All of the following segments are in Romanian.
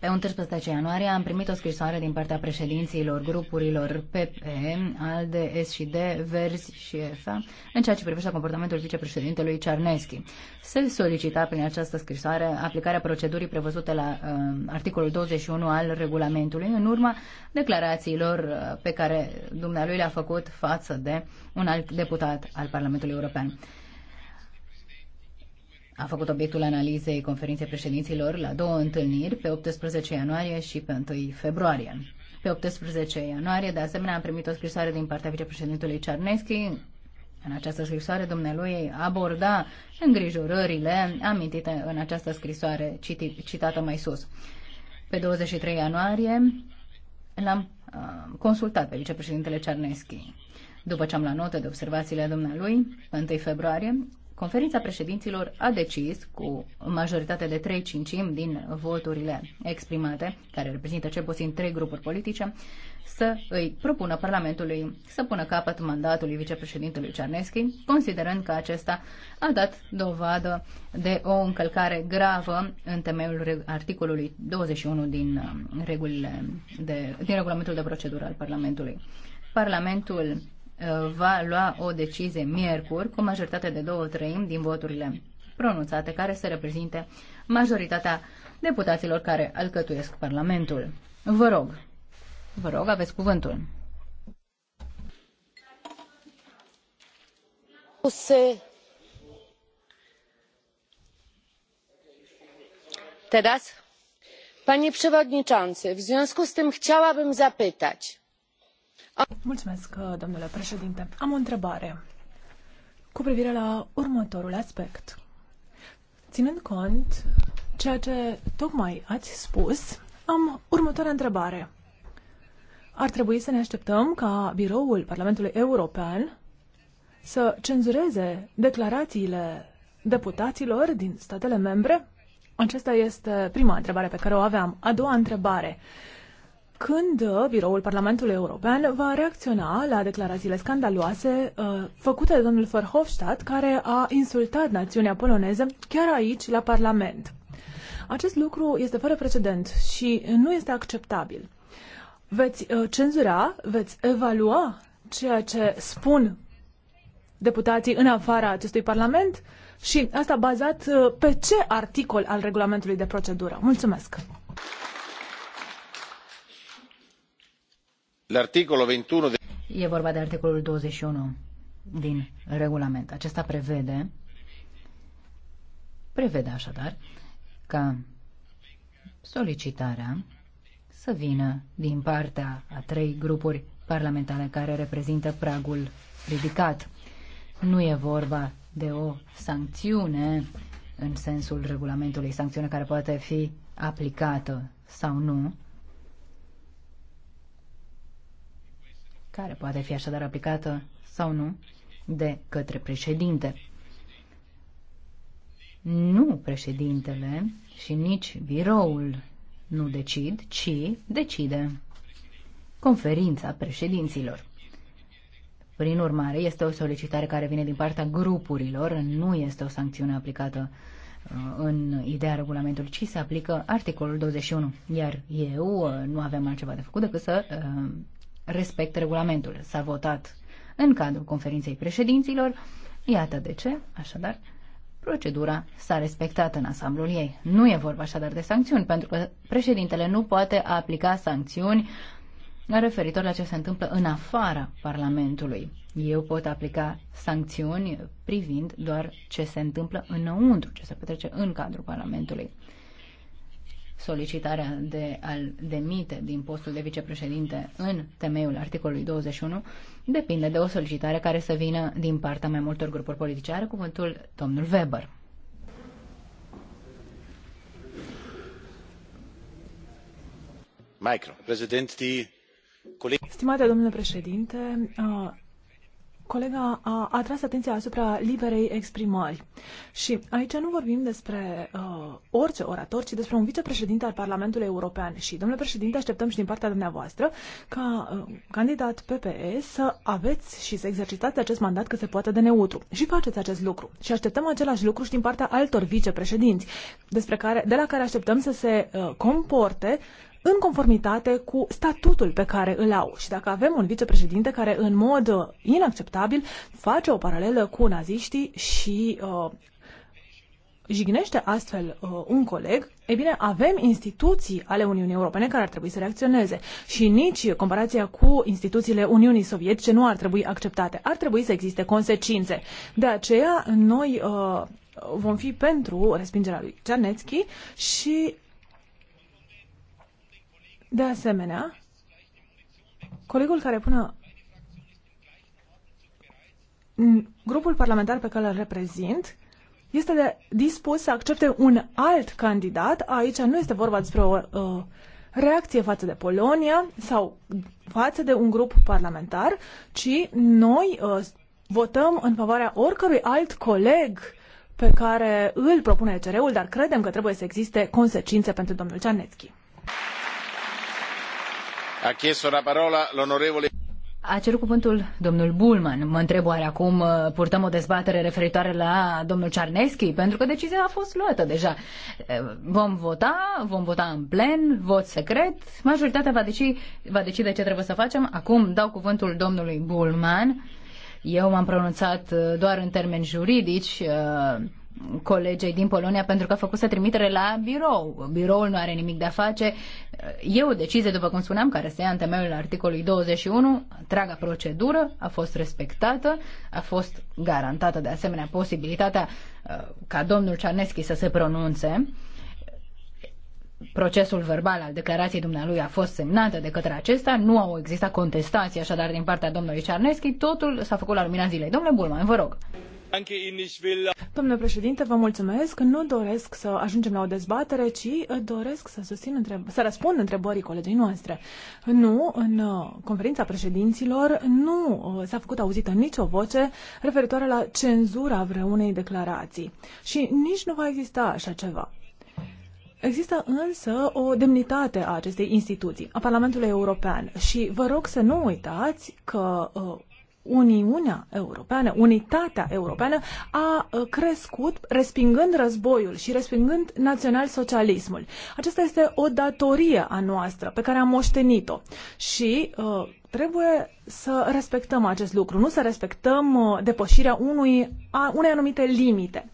Pe 11 ianuarie am primit o scrisoare din partea președinților grupurilor PP, ALDE, S și D, Verzi și EFA, în ceea ce privește comportamentul vicepreședintelui Cerneschi. Se solicita prin această scrisoare aplicarea procedurii prevăzute la uh, articolul 21 al regulamentului, în urma declarațiilor uh, pe care dumnealui le-a făcut față de un alt deputat al Parlamentului European a făcut obiectul analizei conferinței președinților la două întâlniri, pe 18 ianuarie și pe 1 februarie. Pe 18 ianuarie, de asemenea, am primit o scrisoare din partea vicepreședintului Cerneschi. În această scrisoare, dumnealui aborda îngrijorările amintite în această scrisoare citi, citată mai sus. Pe 23 ianuarie l-am uh, consultat pe vicepreședintele Cerneschi. După ce am luat notă de observațiile dumnealui, pe 1 februarie, Conferința președinților a decis, cu majoritate de 3 cincimi din voturile exprimate, care reprezintă cel puțin trei grupuri politice, să îi propună Parlamentului să pună capăt mandatului vicepreședintelui Cerneschi, considerând că acesta a dat dovadă de o încălcare gravă în temeiul articolului 21 din, uh, regulile de, din regulamentul de procedură al Parlamentului. Parlamentul va lua o decizie miercuri cu majoritate de două treimi din voturile pronunțate care să reprezinte majoritatea deputaților care alcătuiesc Parlamentul. Vă rog, vă rog, aveți cuvântul. Se... Teraz, panie przewodniczący, w związku z tym chciałabym zapytać. Mulțumesc, domnule președinte. Am o întrebare cu privire la următorul aspect. Ținând cont ceea ce tocmai ați spus, am următoarea întrebare. Ar trebui să ne așteptăm ca biroul Parlamentului European să cenzureze declarațiile deputaților din statele membre? Aceasta este prima întrebare pe care o aveam. A doua întrebare când uh, biroul Parlamentului European va reacționa la declarațiile scandaloase uh, făcute de domnul Verhofstadt, care a insultat națiunea poloneză chiar aici, la Parlament. Acest lucru este fără precedent și nu este acceptabil. Veți uh, cenzura, veți evalua ceea ce spun deputații în afara acestui Parlament și asta bazat uh, pe ce articol al regulamentului de procedură. Mulțumesc! L'articolo 21 de... E vorba de articolul 21 din regulament. Acesta prevede prevede așadar ca solicitarea să vină din partea a trei grupuri parlamentare care reprezintă pragul ridicat. Nu e vorba de o sancțiune în sensul regulamentului, sancțiune care poate fi aplicată sau nu, care poate fi așadar aplicată sau nu de către președinte. Nu președintele și nici biroul nu decid, ci decide conferința președinților. Prin urmare, este o solicitare care vine din partea grupurilor, nu este o sancțiune aplicată uh, în ideea regulamentului, ci se aplică articolul 21. Iar eu uh, nu aveam altceva de făcut decât să uh, respect regulamentul. S-a votat în cadrul conferinței președinților. Iată de ce, așadar, procedura s-a respectat în asamblul ei. Nu e vorba așadar de sancțiuni, pentru că președintele nu poate aplica sancțiuni referitor la ce se întâmplă în afara Parlamentului. Eu pot aplica sancțiuni privind doar ce se întâmplă înăuntru, ce se petrece în cadrul Parlamentului solicitarea de a demite din postul de vicepreședinte în temeiul articolului 21 depinde de o solicitare care să vină din partea mai multor grupuri politice. Are cuvântul domnul Weber. Micro. Președinte, Stimate domnule președinte, uh, colega a atras atenția asupra liberei exprimări. Și aici nu vorbim despre uh, orice orator, ci despre un vicepreședinte al Parlamentului European. Și, domnule președinte, așteptăm și din partea dumneavoastră ca uh, candidat PPE să aveți și să exercitați acest mandat cât se poate de neutru. Și faceți acest lucru. Și așteptăm același lucru și din partea altor vicepreședinți, despre care, de la care așteptăm să se uh, comporte uh, în conformitate cu statutul pe care îl au. Și dacă avem un vicepreședinte care în mod uh, inacceptabil face o paralelă cu naziștii și uh, jignește astfel uh, un coleg, e bine, avem instituții ale Uniunii Europene care ar trebui să reacționeze și nici comparația cu instituțiile Uniunii Sovietice nu ar trebui acceptate. Ar trebui să existe consecințe. De aceea, noi uh, vom fi pentru respingerea lui Cernetski și de asemenea, colegul care până grupul parlamentar pe care îl reprezint este de dispus să accepte un alt candidat. Aici nu este vorba despre o uh, reacție față de Polonia sau față de un grup parlamentar, ci noi uh, votăm în favoarea oricărui alt coleg pe care îl propune CR-ul, dar credem că trebuie să existe consecințe pentru domnul Cianetski. A chiesto la parola l'onorevole... A cerut cuvântul domnul Bulman. Mă întreb oare acum uh, purtăm o dezbatere referitoare la domnul Cerneschi, pentru că decizia a fost luată deja. Uh, vom vota, vom vota în plen, vot secret, majoritatea va, deci, va decide ce trebuie să facem. Acum dau cuvântul domnului Bulman. Eu m-am pronunțat uh, doar în termeni juridici colegei din Polonia pentru că a făcut să trimitere la birou. Biroul nu are nimic de a face, E o decizie, după cum spuneam, care se ia în temeiul articolului 21, întreaga procedură a fost respectată, a fost garantată de asemenea posibilitatea uh, ca domnul Cerneschi să se pronunțe. Procesul verbal al declarației dumnealui a fost semnată de către acesta, nu au existat contestații așadar din partea domnului Cerneschi, totul s-a făcut la lumina zilei. Domnule Bulman, vă rog. Domnule președinte, vă mulțumesc. Nu doresc să ajungem la o dezbatere, ci doresc să, susțin întreb- să răspund întrebării colegii noastre. Nu, în uh, conferința președinților nu uh, s-a făcut auzită nicio voce referitoare la cenzura vreunei declarații. Și nici nu va exista așa ceva. Există însă o demnitate a acestei instituții, a Parlamentului European și vă rog să nu uitați că uh, Uniunea Europeană, unitatea europeană a ă, crescut respingând războiul și respingând național-socialismul. Aceasta este o datorie a noastră pe care am moștenit-o și uh, trebuie să respectăm acest lucru, nu să respectăm uh, depășirea unui, a, unei anumite limite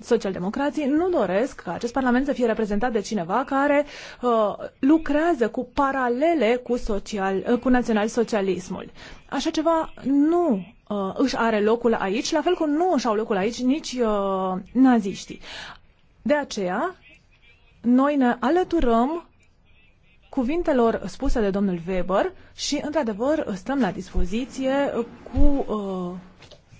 socialdemocrații nu doresc ca acest parlament să fie reprezentat de cineva care uh, lucrează cu paralele cu, social, uh, cu național-socialismul. Așa ceva nu uh, își are locul aici, la fel cum nu își au locul aici nici uh, naziștii. De aceea, noi ne alăturăm cuvintelor spuse de domnul Weber și, într-adevăr, stăm la dispoziție cu uh,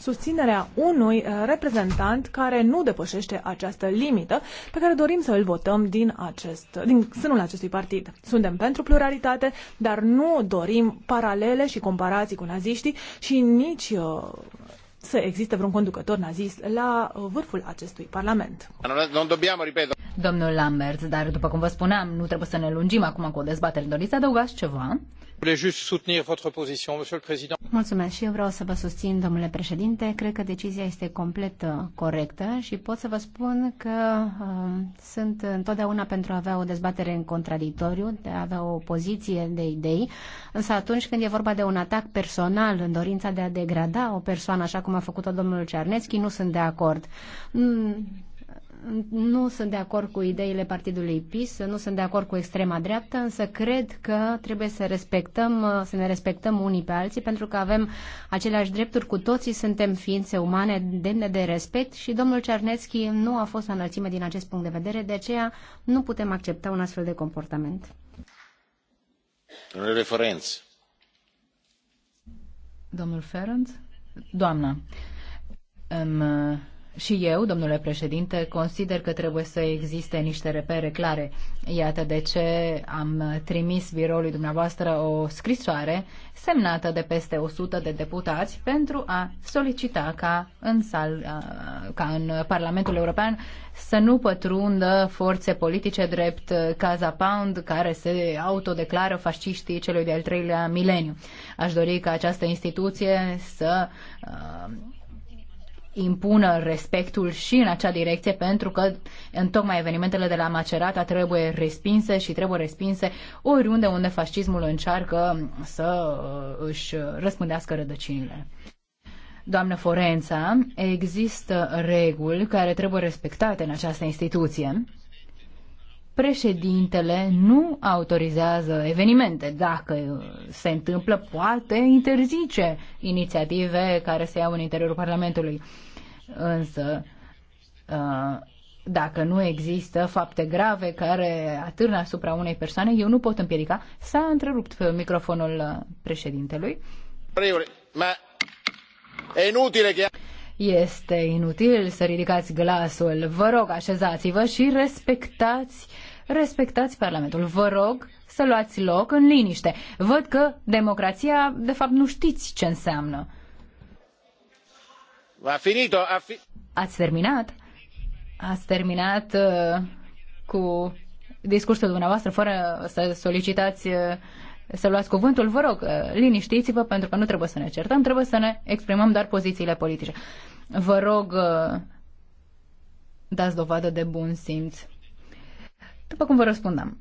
susținerea unui uh, reprezentant care nu depășește această limită pe care dorim să îl votăm din, acest, din sânul acestui partid. Suntem pentru pluralitate, dar nu dorim paralele și comparații cu naziștii și nici uh, să existe vreun conducător nazist la uh, vârful acestui parlament. Nu, nu nu, nu domnul Lambert, dar după cum vă spuneam, nu trebuie să ne lungim acum cu o dezbatere. Doriți să adăugați ceva? Mulțumesc și eu vreau să vă susțin, domnule președinte. Cred că decizia este complet uh, corectă și pot să vă spun că uh, sunt întotdeauna pentru a avea o dezbatere în contradictoriu, de a avea o poziție de idei, însă atunci când e vorba de un atac personal în dorința de a degrada o persoană, așa cum a făcut-o domnul Cernețchi, nu sunt de acord. Mm nu sunt de acord cu ideile partidului PIS, nu sunt de acord cu extrema dreaptă, însă cred că trebuie să respectăm, să ne respectăm unii pe alții, pentru că avem aceleași drepturi cu toții, suntem ființe umane demne de respect și domnul Cernețchi nu a fost la înălțime din acest punct de vedere, de aceea nu putem accepta un astfel de comportament. Ferenț. Domnul Ferenț? Doamna, în și eu, domnule președinte, consider că trebuie să existe niște repere clare. Iată de ce am trimis biroului dumneavoastră o scrisoare semnată de peste 100 de deputați pentru a solicita ca în, sal, ca în Parlamentul European să nu pătrundă forțe politice drept Casa Pound, care se autodeclară fasciștii celui de-al treilea mileniu. Aș dori ca această instituție să uh, impună respectul și în acea direcție, pentru că în tocmai evenimentele de la Macerata trebuie respinse și trebuie respinse oriunde unde fascismul încearcă să uh, își răspândească rădăcinile. Doamnă Forența, există reguli care trebuie respectate în această instituție. Președintele nu autorizează evenimente. Dacă se întâmplă, poate interzice inițiative care se iau în interiorul Parlamentului Însă, uh, dacă nu există fapte grave care atârnă asupra unei persoane, eu nu pot împiedica. S-a întrerupt microfonul uh, președintelui. Este inutil să ridicați glasul. Vă rog, așezați-vă și respectați, respectați Parlamentul. Vă rog să luați loc în liniște. Văd că democrația, de fapt, nu știți ce înseamnă. A finito? A fi... Ați terminat? Ați terminat uh, cu discursul dumneavoastră fără să solicitați uh, să luați cuvântul, vă rog, uh, liniștiți-vă pentru că nu trebuie să ne certăm, trebuie să ne exprimăm doar pozițiile politice. Vă rog, dați dovadă de bun simț. După cum vă răspundam,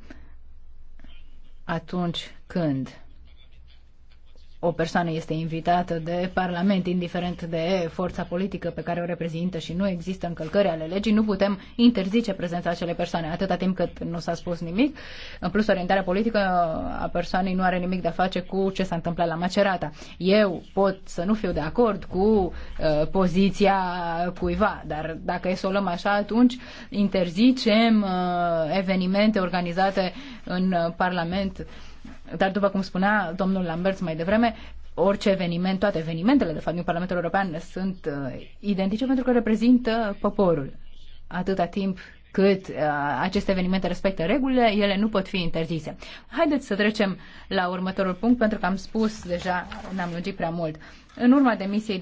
atunci când o persoană este invitată de Parlament, indiferent de forța politică pe care o reprezintă și nu există încălcări ale legii, nu putem interzice prezența acelei persoane atâta timp cât nu s-a spus nimic. În plus, orientarea politică a persoanei nu are nimic de a face cu ce s-a întâmplat la Macerata. Eu pot să nu fiu de acord cu uh, poziția cuiva, dar dacă e să o luăm așa, atunci interzicem uh, evenimente organizate în Parlament uh, dar, după cum spunea domnul Lamberts mai devreme, orice eveniment, toate evenimentele, de fapt, din Parlamentul European sunt uh, identice pentru că reprezintă poporul. Atâta timp cât uh, aceste evenimente respectă regulile, ele nu pot fi interzise. Haideți să trecem la următorul punct, pentru că am spus deja, n-am lungit prea mult. În urma demisiei